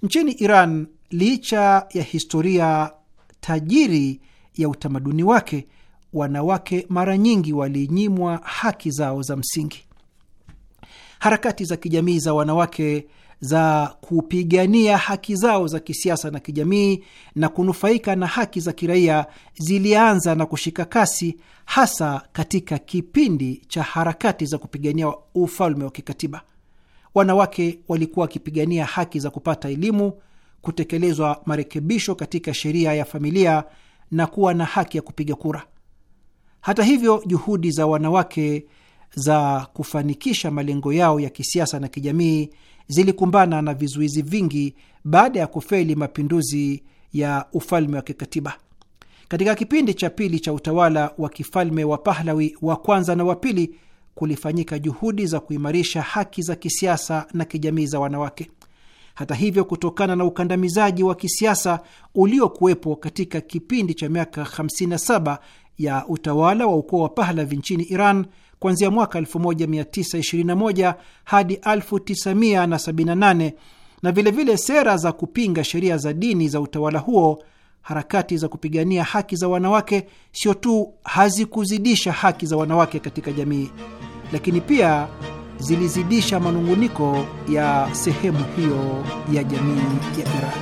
Speaker 3: Nchini Iran licha ya historia tajiri ya utamaduni wake, wanawake mara nyingi walinyimwa haki zao za msingi. Harakati za kijamii za wanawake za kupigania haki zao za kisiasa na kijamii na kunufaika na haki za kiraia zilianza na kushika kasi, hasa katika kipindi cha harakati za kupigania ufalme wa kikatiba. Wanawake walikuwa wakipigania haki za kupata elimu kutekelezwa marekebisho katika sheria ya familia na kuwa na haki ya kupiga kura. Hata hivyo, juhudi za wanawake za kufanikisha malengo yao ya kisiasa na kijamii zilikumbana na vizuizi vingi baada ya kufeli mapinduzi ya ufalme wa kikatiba. Katika kipindi cha pili cha utawala wa kifalme wa Pahlawi wa kwanza na wa pili kulifanyika juhudi za kuimarisha haki za kisiasa na kijamii za wanawake. Hata hivyo, kutokana na ukandamizaji wa kisiasa uliokuwepo katika kipindi cha miaka 57 ya utawala wa ukoo wa Pahlavi nchini Iran kuanzia mwaka 1921 hadi 1978 na vilevile vile sera za kupinga sheria za dini za utawala huo, harakati za kupigania haki za wanawake sio tu hazikuzidisha haki za wanawake katika jamii, lakini pia zilizidisha manunguniko ya sehemu hiyo ya jamii ya iran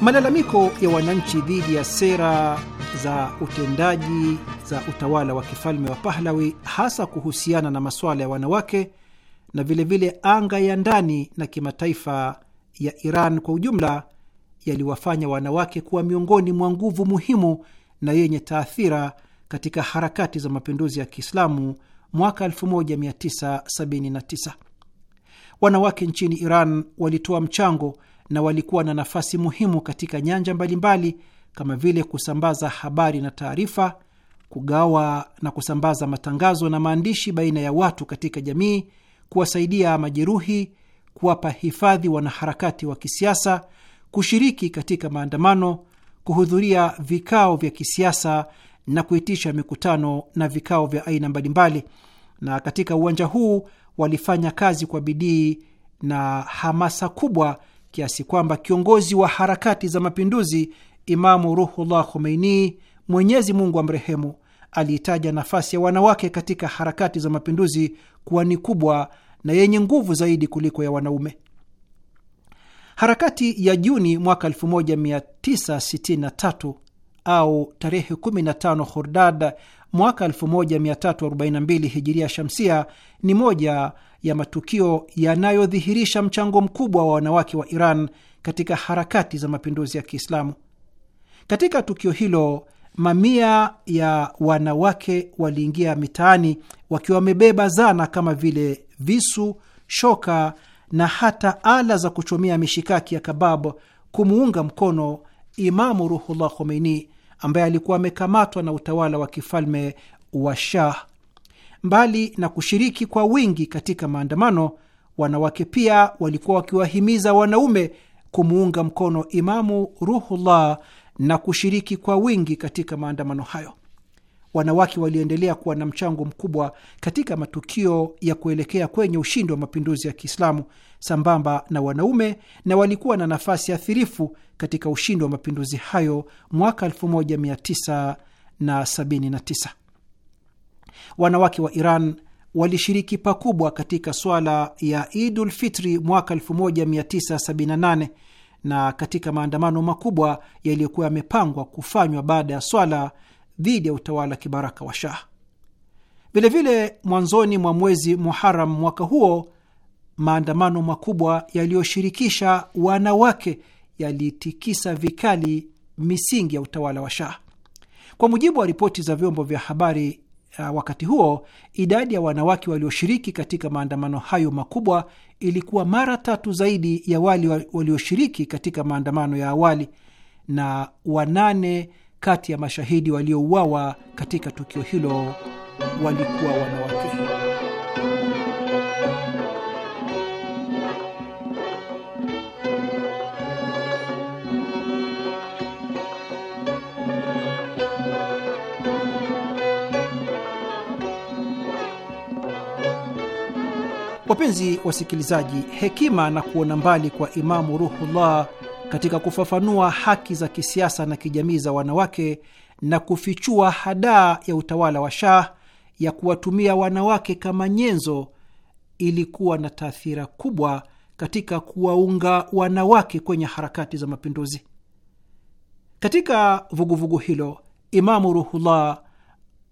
Speaker 3: Malalamiko ya wananchi dhidi ya sera za utendaji za utawala wa kifalme wa Pahlawi, hasa kuhusiana na masuala ya wanawake na vilevile vile anga ya ndani na kimataifa ya Iran kwa ujumla, yaliwafanya wanawake kuwa miongoni mwa nguvu muhimu na yenye taathira katika harakati za mapinduzi ya Kiislamu mwaka 1979. Wanawake nchini Iran walitoa mchango na walikuwa na nafasi muhimu katika nyanja mbalimbali kama vile kusambaza habari na taarifa, kugawa na kusambaza matangazo na maandishi baina ya watu katika jamii, kuwasaidia majeruhi, kuwapa hifadhi wanaharakati wa kisiasa, kushiriki katika maandamano, kuhudhuria vikao vya kisiasa na kuitisha mikutano na vikao vya aina mbalimbali, na katika uwanja huu walifanya kazi kwa bidii na hamasa kubwa kiasi kwamba kiongozi wa harakati za mapinduzi Imamu Ruhullah Khomeini, Mwenyezi Mungu amrehemu, aliitaja nafasi ya wanawake katika harakati za mapinduzi kuwa ni kubwa na yenye nguvu zaidi kuliko ya wanaume. Harakati ya Juni mwaka 1963 au tarehe 15 Khordad mwaka 1342 hijiria shamsia ni moja ya matukio yanayodhihirisha mchango mkubwa wa wanawake wa Iran katika harakati za mapinduzi ya Kiislamu. Katika tukio hilo, mamia ya wanawake waliingia mitaani wakiwa wamebeba zana kama vile visu, shoka na hata ala za kuchomea mishikaki ya kabab kumuunga mkono Imamu Ruhullah Khomeini ambaye alikuwa amekamatwa na utawala wa kifalme wa Shah. Mbali na kushiriki kwa wingi katika maandamano, wanawake pia walikuwa wakiwahimiza wanaume kumuunga mkono Imamu Ruhullah na kushiriki kwa wingi katika maandamano hayo wanawake waliendelea kuwa na mchango mkubwa katika matukio ya kuelekea kwenye ushindi wa mapinduzi ya Kiislamu sambamba na wanaume, na walikuwa na nafasi athirifu katika ushindi wa mapinduzi hayo mwaka 1979. Wanawake wa Iran walishiriki pakubwa katika swala ya Idul Fitri mwaka 1978 na katika maandamano makubwa yaliyokuwa yamepangwa kufanywa baada ya swala dhidi ya utawala kibaraka wa Shah. Vilevile, mwanzoni mwa mwezi Muharam mwaka huo, maandamano makubwa yaliyoshirikisha wanawake yalitikisa vikali misingi ya utawala wa Shah. Kwa mujibu wa ripoti za vyombo vya habari uh, wakati huo, idadi ya wanawake walioshiriki katika maandamano hayo makubwa ilikuwa mara tatu zaidi ya wale walioshiriki katika maandamano ya awali na wanane kati ya mashahidi waliouawa katika tukio hilo walikuwa wanawake. Wapenzi wasikilizaji, hekima na kuona mbali kwa Imamu Ruhullah katika kufafanua haki za kisiasa na kijamii za wanawake na kufichua hadaa ya utawala wa Shah ya kuwatumia wanawake kama nyenzo ilikuwa na taathira kubwa katika kuwaunga wanawake kwenye harakati za mapinduzi. Katika vuguvugu vugu hilo, Imamu Ruhullah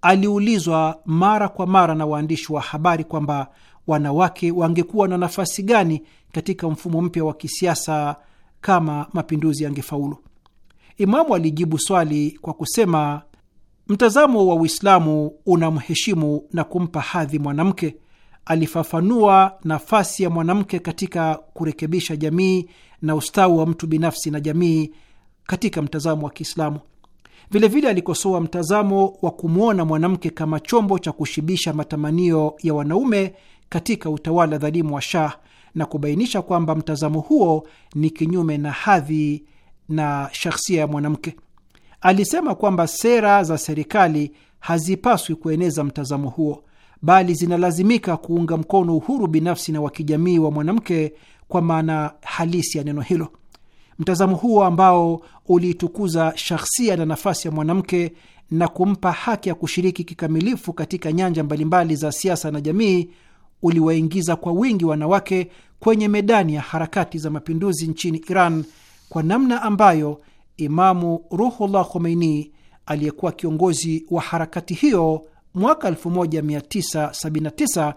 Speaker 3: aliulizwa mara kwa mara na waandishi wa habari kwamba wanawake wangekuwa na nafasi gani katika mfumo mpya wa kisiasa kama mapinduzi yangefaulu. Imamu alijibu swali kwa kusema, mtazamo wa Uislamu unamheshimu na kumpa hadhi mwanamke. Alifafanua nafasi ya mwanamke katika kurekebisha jamii na ustawi wa mtu binafsi na jamii katika mtazamo wa Kiislamu. Vilevile alikosoa mtazamo wa kumwona mwanamke kama chombo cha kushibisha matamanio ya wanaume katika utawala dhalimu wa Shah na kubainisha kwamba mtazamo huo ni kinyume na hadhi na shakhsia ya mwanamke. Alisema kwamba sera za serikali hazipaswi kueneza mtazamo huo, bali zinalazimika kuunga mkono uhuru binafsi na wa kijamii wa mwanamke kwa maana halisi ya neno hilo. Mtazamo huo ambao uliitukuza shakhsia na nafasi ya mwanamke na kumpa haki ya kushiriki kikamilifu katika nyanja mbalimbali za siasa na jamii uliwaingiza kwa wingi wanawake kwenye medani ya harakati za mapinduzi nchini Iran kwa namna ambayo Imamu Ruhullah Khomeini aliyekuwa kiongozi wa harakati hiyo mwaka 1979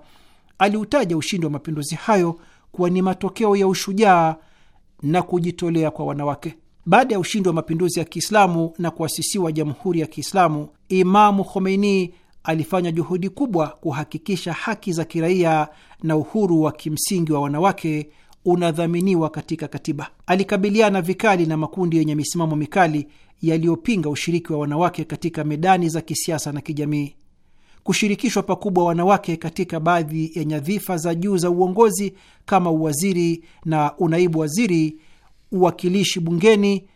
Speaker 3: aliutaja ushindi wa mapinduzi hayo kuwa ni matokeo ya ushujaa na kujitolea kwa wanawake. Baada ya ushindi wa mapinduzi ya Kiislamu na kuasisiwa Jamhuri ya Kiislamu, Imamu Khomeini alifanya juhudi kubwa kuhakikisha haki za kiraia na uhuru wa kimsingi wa wanawake unadhaminiwa katika katiba. Alikabiliana vikali na makundi yenye misimamo mikali yaliyopinga ushiriki wa wanawake katika medani za kisiasa na kijamii. Kushirikishwa pakubwa wanawake katika baadhi ya nyadhifa za juu za uongozi kama uwaziri na unaibu waziri, uwakilishi bungeni,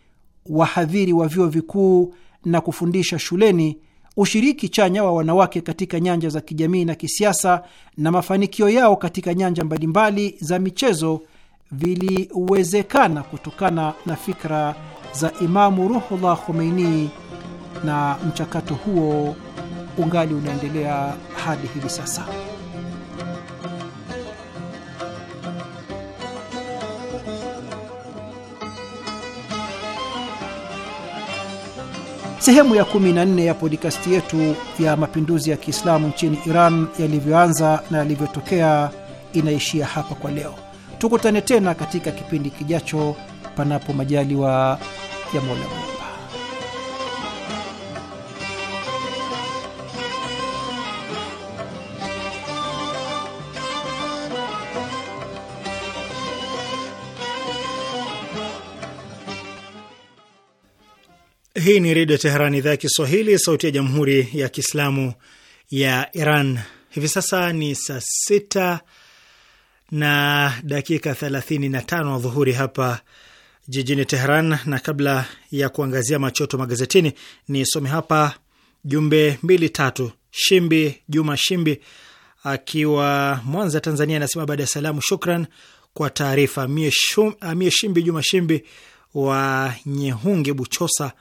Speaker 3: wahadhiri wa vyuo vikuu na kufundisha shuleni ushiriki chanya wa wanawake katika nyanja za kijamii na kisiasa na mafanikio yao katika nyanja mbalimbali za michezo viliwezekana kutokana na fikra za Imamu Ruhullah Khomeini na mchakato huo ungali unaendelea hadi hivi sasa. sehemu ya 14 ya podikasti yetu ya mapinduzi ya Kiislamu nchini Iran yalivyoanza na yalivyotokea inaishia hapa kwa leo. Tukutane tena katika kipindi kijacho, panapo majaliwa ya Mola.
Speaker 1: Hii ni Redio Teheran, idhaa ya Kiswahili, sauti ya Jamhuri ya Kiislamu ya Iran. Hivi sasa ni saa sita na dakika thelathini na tano dhuhuri hapa jijini Teheran, na kabla ya kuangazia machoto magazetini, nisome hapa jumbe mbili tatu. Shimbi Juma Shimbi akiwa Mwanza, Tanzania, anasema baada ya salamu, shukran kwa taarifa. Mie ah, Shimbi Juma Shimbi wa Nyehunge, Buchosa,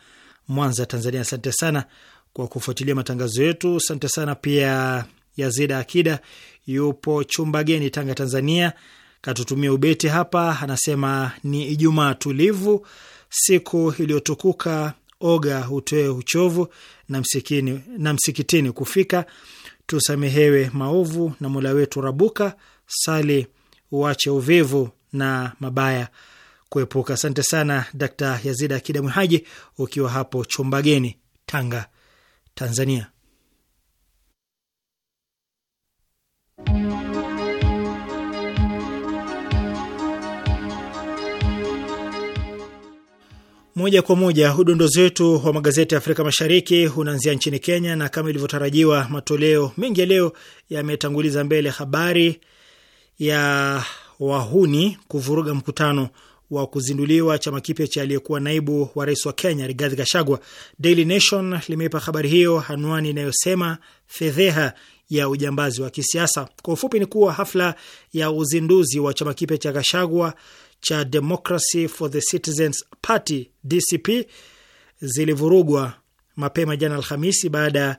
Speaker 1: Mwanza, Tanzania. Asante sana kwa kufuatilia matangazo yetu. Asante sana pia Yazida Akida yupo chumba geni, Tanga, Tanzania, katutumia ubeti hapa, anasema ni Ijumaa tulivu, siku iliyotukuka, oga utoe uchovu na msikini, na msikitini kufika, tusamehewe maovu na Mola wetu rabuka, sali uache uvivu na mabaya kuepuka. Asante sana Dkt Yazida Akida Mwihaji, ukiwa hapo Chumbageni, Tanga, Tanzania. Moja kwa moja udondozi wetu wa magazeti ya Afrika Mashariki unaanzia nchini Kenya, na kama ilivyotarajiwa, matoleo mengi ya leo yametanguliza mbele habari ya wahuni kuvuruga mkutano wa kuzinduliwa chama kipya cha aliyekuwa naibu wa rais wa Kenya Rigathi Gachagua. Daily Nation limeipa habari hiyo anwani inayosema fedheha ya ujambazi wa kisiasa. Kwa ufupi ni kuwa hafla ya uzinduzi wa chama kipya cha Gachagua cha Democracy for the Citizens Party DCP zilivurugwa mapema jana Alhamisi baada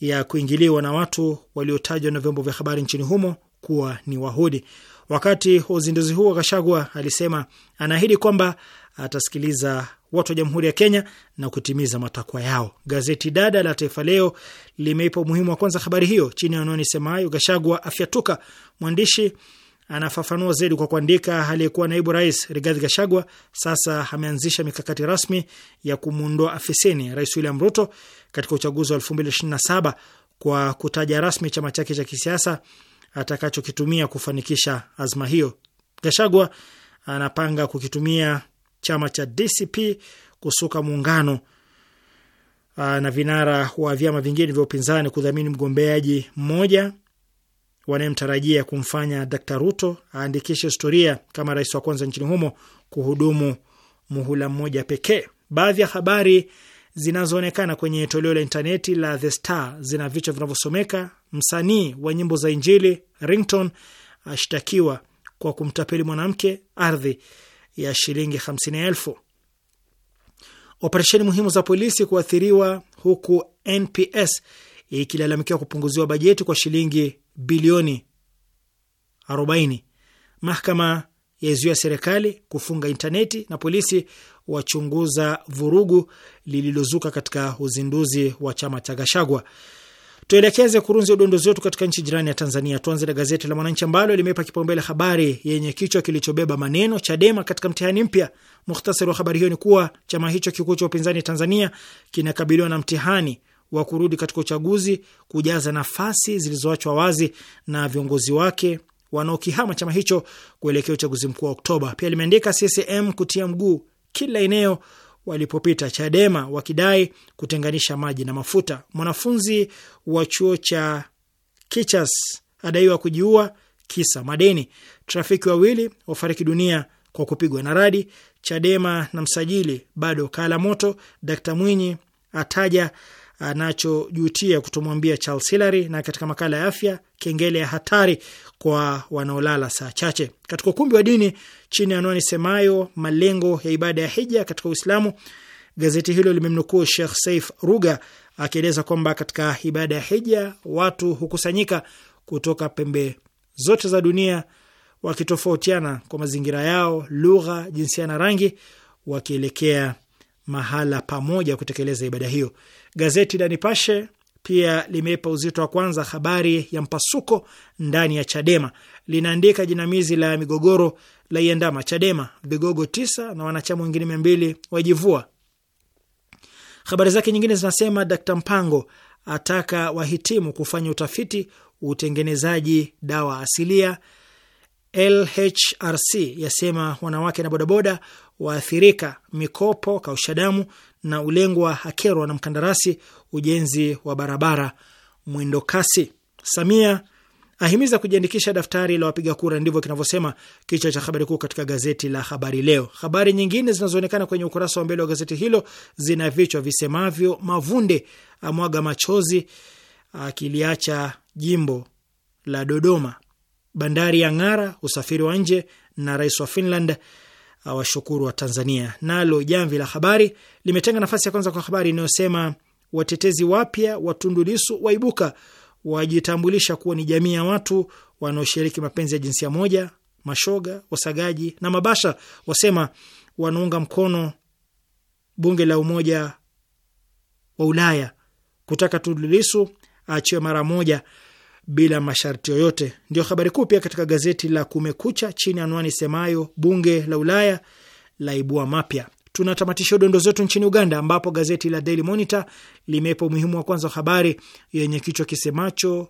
Speaker 1: ya kuingiliwa na watu waliotajwa na vyombo vya habari nchini humo kuwa ni Wahudi. Wakati wa uzinduzi huo, Gashagwa alisema anaahidi kwamba atasikiliza watu wa Jamhuri ya Kenya na kutimiza matakwa yao. Gazeti dada la Taifa Leo limeipa umuhimu wa kwanza habari hiyo chini ya anwani semayo, Gashagwa afyatuka. Mwandishi anafafanua zaidi kwa kuandika, aliyekuwa naibu rais Rigathi Gashagwa sasa ameanzisha mikakati rasmi ya kumwondoa afisini Rais William Ruto katika uchaguzi wa 2027 kwa kutaja rasmi chama chake cha kisiasa atakachokitumia kufanikisha azma hiyo. Gashagwa anapanga kukitumia chama cha DCP kusuka muungano uh, na vinara wa vyama vingine vya upinzani kudhamini mgombeaji mmoja wanayemtarajia kumfanya d Ruto aandikishe historia kama rais wa kwanza nchini humo kuhudumu muhula mmoja pekee. Baadhi ya habari zinazoonekana kwenye toleo la intaneti la The Star zina vichwa vinavyosomeka: msanii wa nyimbo za Injili Rington ashtakiwa kwa kumtapeli mwanamke ardhi ya shilingi hamsini elfu, operesheni muhimu za polisi kuathiriwa, huku NPS ikilalamikiwa kupunguziwa bajeti kwa shilingi bilioni 40, mahakama yaizuia serikali kufunga intaneti na polisi wachunguza vurugu lililozuka katika uzinduzi wa chama cha Gashagwa. Tuelekeze kurunzi udondozi wetu katika nchi jirani ya Tanzania. Tuanze na gazeti la Mwananchi ambalo limeipa kipaumbele habari yenye kichwa kilichobeba maneno Chadema katika mtihani mpya. Muhtasari wa habari hiyo ni kuwa chama hicho kikuu cha upinzani Tanzania kinakabiliwa na mtihani wa kurudi katika uchaguzi kujaza nafasi zilizoachwa wazi na viongozi wake wanaokihama chama hicho kuelekea uchaguzi mkuu wa Oktoba. Pia limeandika CCM kutia mguu kila eneo walipopita Chadema wakidai kutenganisha maji na mafuta. Mwanafunzi wa chuo cha Kichas adaiwa kujiua kisa madeni. Trafiki wawili wafariki dunia kwa kupigwa na radi. Chadema na msajili bado kala moto. Dkt Mwinyi ataja anachojutia kutomwambia Charles Hillary, na katika makala ya afya, kengele ya hatari kwa wanaolala saa chache. Katika ukumbi wa dini chini ya anwani semayo malengo ya ibada ya hija katika Uislamu, gazeti hilo limemnukuu Sheikh Saif Ruga akieleza kwamba katika ibada ya hija watu hukusanyika kutoka pembe zote za dunia wakitofautiana kwa mazingira yao, lugha, jinsia na rangi, wakielekea mahala pamoja kutekeleza ibada hiyo. Gazeti la Nipashe pia limeipa uzito wa kwanza habari ya mpasuko ndani ya Chadema. Linaandika jinamizi la migogoro la iandama Chadema, vigogo tisa na wanachama wengine mia mbili wajivua. Habari zake nyingine zinasema Dkt Mpango ataka wahitimu kufanya utafiti utengenezaji dawa asilia. LHRC yasema wanawake na bodaboda waathirika mikopo, kausha damu na ulengwa hakerwa na mkandarasi ujenzi wa barabara mwendo kasi. Samia ahimiza kujiandikisha daftari la wapiga kura, ndivyo kinavyosema kichwa cha habari kuu katika gazeti la Habari Leo. Habari nyingine zinazoonekana kwenye ukurasa wa mbele wa gazeti hilo zina vichwa visemavyo: Mavunde amwaga machozi akiliacha jimbo la Dodoma, bandari ya ng'ara, usafiri wa nje, na rais wa Finland awashukuru wa Tanzania. Nalo Jamvi la Habari limetenga nafasi ya kwanza kwa habari inayosema watetezi wapya wa Tundu Lissu waibuka, wajitambulisha kuwa ni jamii ya watu wanaoshiriki mapenzi ya jinsia moja. Mashoga, wasagaji na mabasha wasema wanaunga mkono bunge la Umoja wa Ulaya kutaka Tundu Lissu aachiwe mara moja bila masharti yoyote. Ndio habari kuu pia katika gazeti la Kumekucha chini ya anwani semayo bunge la Ulaya laibua mapya. Tunatamatisha dondoo zetu nchini Uganda, ambapo gazeti la Daily Monitor limepa umuhimu wa kwanza wa habari yenye kichwa kisemacho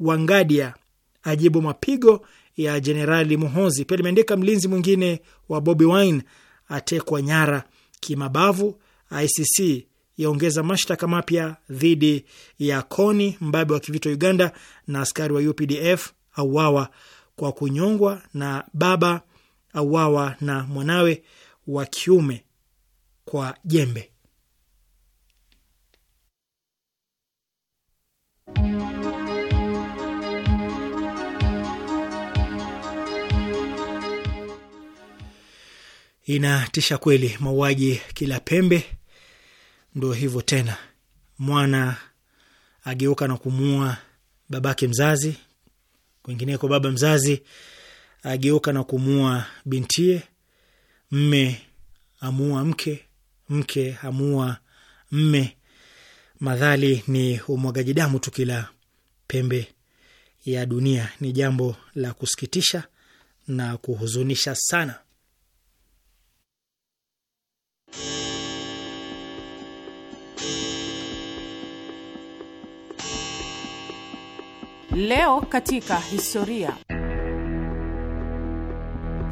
Speaker 1: Wangadia ajibu mapigo ya Jenerali Muhozi. Pia limeandika mlinzi mwingine wa Bobi Wine atekwa nyara kimabavu, ICC yaongeza mashtaka mapya dhidi ya Koni, mbabe wa kivita Uganda, na askari wa UPDF auawa kwa kunyongwa, na baba auawa na mwanawe wa kiume kwa jembe. Inatisha kweli, mauaji kila pembe Ndo hivyo tena, mwana ageuka na kumuua babake mzazi, kwingineko baba mzazi ageuka na kumuua bintie, mme amuua mke, mke amuua mme. Madhali ni umwagaji damu tu kila pembe ya dunia. Ni jambo la kusikitisha na kuhuzunisha sana.
Speaker 4: Leo katika historia.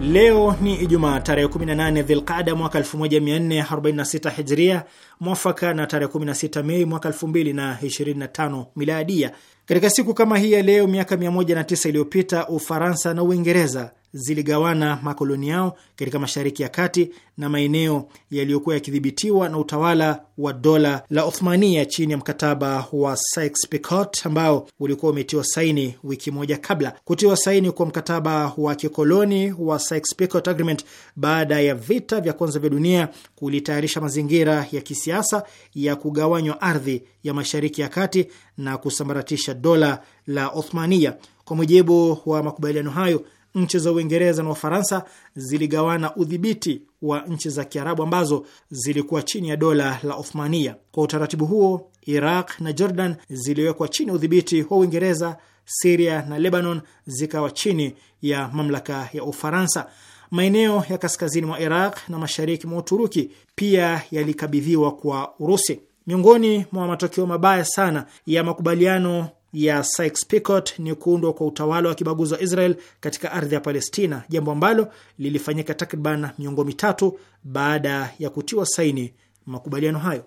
Speaker 1: Leo ni Ijumaa tarehe 18 Dhilqada mwaka 1446 Hijria, mwafaka na tarehe 16 Mei mwaka 2025 Miladia. Katika siku kama hii ya leo miaka 109 iliyopita Ufaransa na Uingereza ziligawana makoloni yao katika Mashariki ya Kati na maeneo yaliyokuwa yakidhibitiwa na utawala wa dola la Othmania chini ya mkataba wa Sykes-Picot ambao ulikuwa umetiwa saini wiki moja kabla. Kutiwa saini kwa mkataba wa kikoloni wa Sykes-Picot Agreement baada ya vita vya kwanza vya dunia kulitayarisha mazingira ya kisiasa ya kugawanywa ardhi ya Mashariki ya Kati na kusambaratisha dola la Othmania. Kwa mujibu wa makubaliano hayo nchi za Uingereza na Ufaransa ziligawana udhibiti wa nchi za Kiarabu ambazo zilikuwa chini ya dola la Othmania. Kwa utaratibu huo, Iraq na Jordan ziliwekwa chini ya udhibiti wa Uingereza, Siria na Lebanon zikawa chini ya mamlaka ya Ufaransa. Maeneo ya kaskazini mwa Iraq na mashariki mwa Uturuki pia yalikabidhiwa kwa Urusi. Miongoni mwa matokeo mabaya sana ya makubaliano ya Sykes-Picot ni kuundwa kwa utawala wa kibaguzi wa Israel katika ardhi ya Palestina, jambo ambalo lilifanyika takriban miongo mitatu baada ya kutiwa saini makubaliano hayo.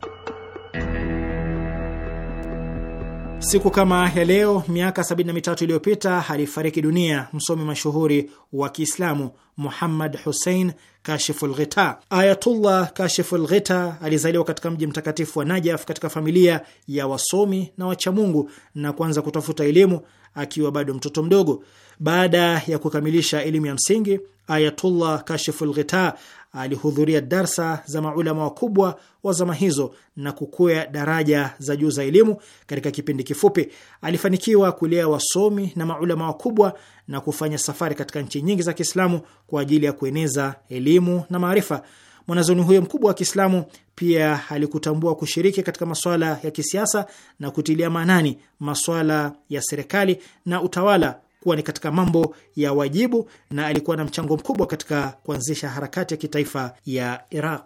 Speaker 1: Siku kama ya leo miaka 73 iliyopita alifariki dunia msomi mashuhuri wa Kiislamu Muhammad Hussein Kashiful Ghita. Ayatullah Kashiful Ghita alizaliwa katika mji mtakatifu wa Najaf katika familia ya wasomi na wachamungu na kuanza kutafuta elimu akiwa bado mtoto mdogo. Baada ya kukamilisha elimu ya msingi, Ayatullah Kashiful Ghita alihudhuria darsa za maulama wakubwa wa zama hizo na kukwea daraja za juu za elimu. Katika kipindi kifupi, alifanikiwa kulea wasomi na maulama wakubwa na kufanya safari katika nchi nyingi za Kiislamu kwa ajili ya kueneza elimu na maarifa. Mwanazoni huyo mkubwa wa Kiislamu pia alikutambua kushiriki katika masuala ya kisiasa na kutilia maanani masuala ya serikali na utawala kuwa ni katika mambo ya wajibu na alikuwa na mchango mkubwa katika kuanzisha harakati ya kitaifa ya Iraq.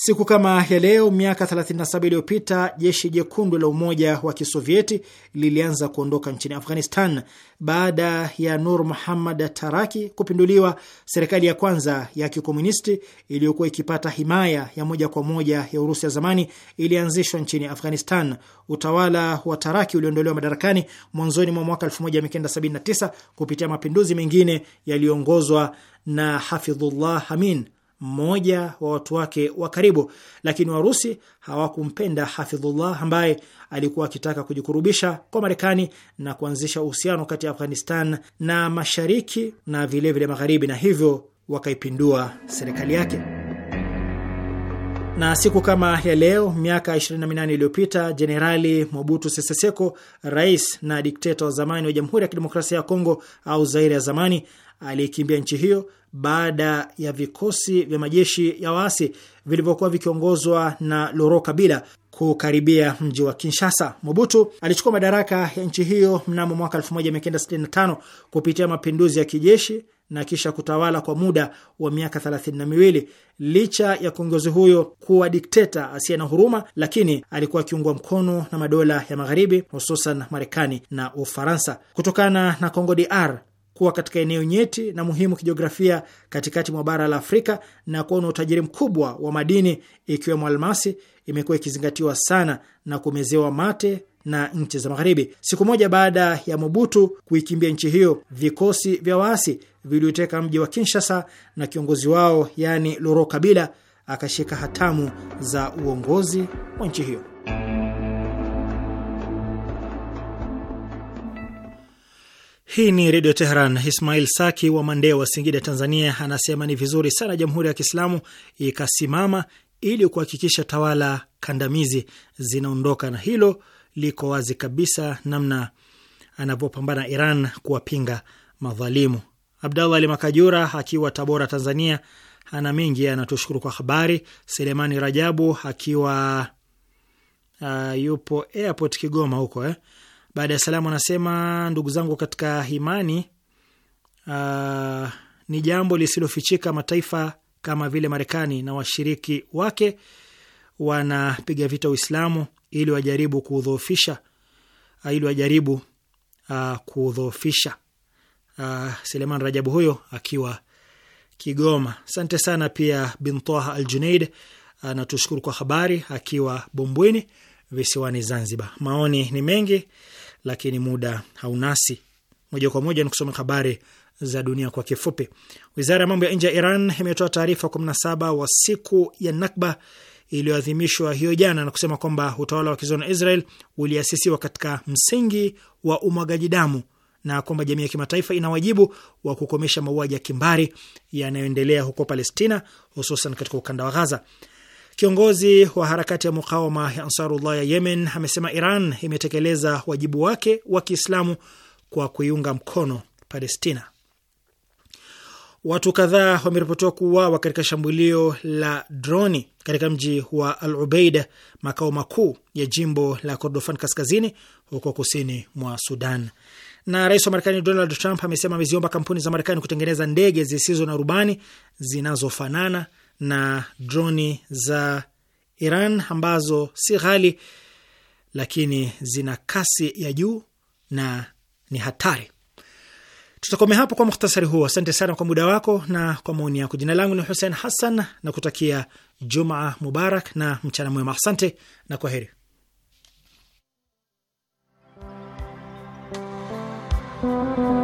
Speaker 1: Siku kama ya leo miaka 37 iliyopita jeshi jekundu la Umoja wa Kisovieti lilianza kuondoka nchini Afghanistan baada ya Nur Muhammad Taraki kupinduliwa. Serikali ya kwanza ya kikomunisti iliyokuwa ikipata himaya ya moja kwa moja ya Urusi ya zamani ilianzishwa nchini Afghanistan. Utawala wa Taraki uliondolewa madarakani mwanzoni mwa mwaka 1979 kupitia mapinduzi mengine yaliyoongozwa na Hafidhullah Amin mmoja wa watu wake wa karibu, lakini Warusi hawakumpenda Hafidhullah ambaye alikuwa akitaka kujikurubisha kwa Marekani na kuanzisha uhusiano kati ya Afghanistan na mashariki na vilevile vile magharibi, na hivyo wakaipindua serikali yake. Na siku kama ya leo miaka 28 iliyopita Jenerali Mobutu Sese Seko, rais na dikteta wa zamani wa Jamhuri ya Kidemokrasia ya Kongo au Zaire ya zamani, aliyekimbia nchi hiyo baada ya vikosi vya majeshi ya waasi vilivyokuwa vikiongozwa na Loro Kabila kukaribia mji wa Kinshasa. Mobutu alichukua madaraka ya nchi hiyo mnamo mwaka 1965 kupitia mapinduzi ya kijeshi na kisha kutawala kwa muda wa miaka thelathini na miwili. Licha ya kiongozi huyo kuwa dikteta asiye na huruma, lakini alikuwa akiungwa mkono na madola ya Magharibi, hususan Marekani na Ufaransa. Kutokana na Congo DR kuwa katika eneo nyeti na muhimu kijiografia katikati mwa bara la Afrika na kuwa na utajiri mkubwa wa madini ikiwemo almasi, imekuwa ikizingatiwa sana na kumezewa mate na nchi za Magharibi. Siku moja baada ya Mobutu kuikimbia nchi hiyo, vikosi vya waasi viliuteka mji wa Kinshasa na kiongozi wao yaani Loro Kabila akashika hatamu za uongozi wa nchi hiyo. Hii ni Redio Teheran. Ismail Saki wa mandeo wa Singida, Tanzania, anasema ni vizuri sana Jamhuri ya Kiislamu ikasimama ili kuhakikisha tawala kandamizi zinaondoka, na hilo liko wazi kabisa namna anavyopambana Iran kuwapinga madhalimu. Abdallah Ali Makajura akiwa Tabora, Tanzania, ana mengi anatushukuru kwa habari. Selemani Rajabu akiwa uh, yupo airport Kigoma huko eh. Baada ya salamu, anasema ndugu zangu katika imani, uh, ni jambo lisilofichika, mataifa kama vile Marekani na washiriki wake wanapiga vita Uislamu ili wajaribu kuudhoofisha, ili wajaribu uh, kuudhoofisha uh, ah, Seleman Rajabu huyo akiwa Kigoma. Asante sana pia Bintoha Al Junaid anatushukuru ah, uh, kwa habari akiwa Bombweni visiwani Zanzibar. Maoni ni mengi lakini muda haunasi. Moja kwa moja ni kusoma habari za dunia kwa kifupi. Wizara ya mambo ya nje ya Iran imetoa taarifa kwa mnasaba wa siku ya Nakba iliyoadhimishwa hiyo jana na kusema kwamba utawala wa kizona Israel uliasisiwa katika msingi wa umwagaji damu na kwamba jamii ya kimataifa ina wajibu wa kukomesha mauaji ya kimbari yanayoendelea huko Palestina, hususan katika ukanda wa Ghaza. Kiongozi wa harakati ya mukawama ya Ansarullah ya Yemen amesema Iran imetekeleza wajibu wake wa Kiislamu kwa kuiunga mkono Palestina. Watu kadhaa wameripotiwa kuuawa katika shambulio la droni katika mji wa Al Ubeid, makao makuu ya jimbo la Kordofan Kaskazini, huko kusini mwa Sudan. Na rais wa Marekani Donald Trump amesema ameziomba kampuni za Marekani kutengeneza ndege zisizo na rubani zinazofanana na droni za Iran ambazo si ghali, lakini zina kasi ya juu na ni hatari. Tutakomea hapo kwa muhtasari huo. Asante sana kwa muda wako na kwa maoni yako. Jina langu ni Hussein Hassan na kutakia Jumaa Mubarak na mchana mwema. Asante na kwa heri. Thank you.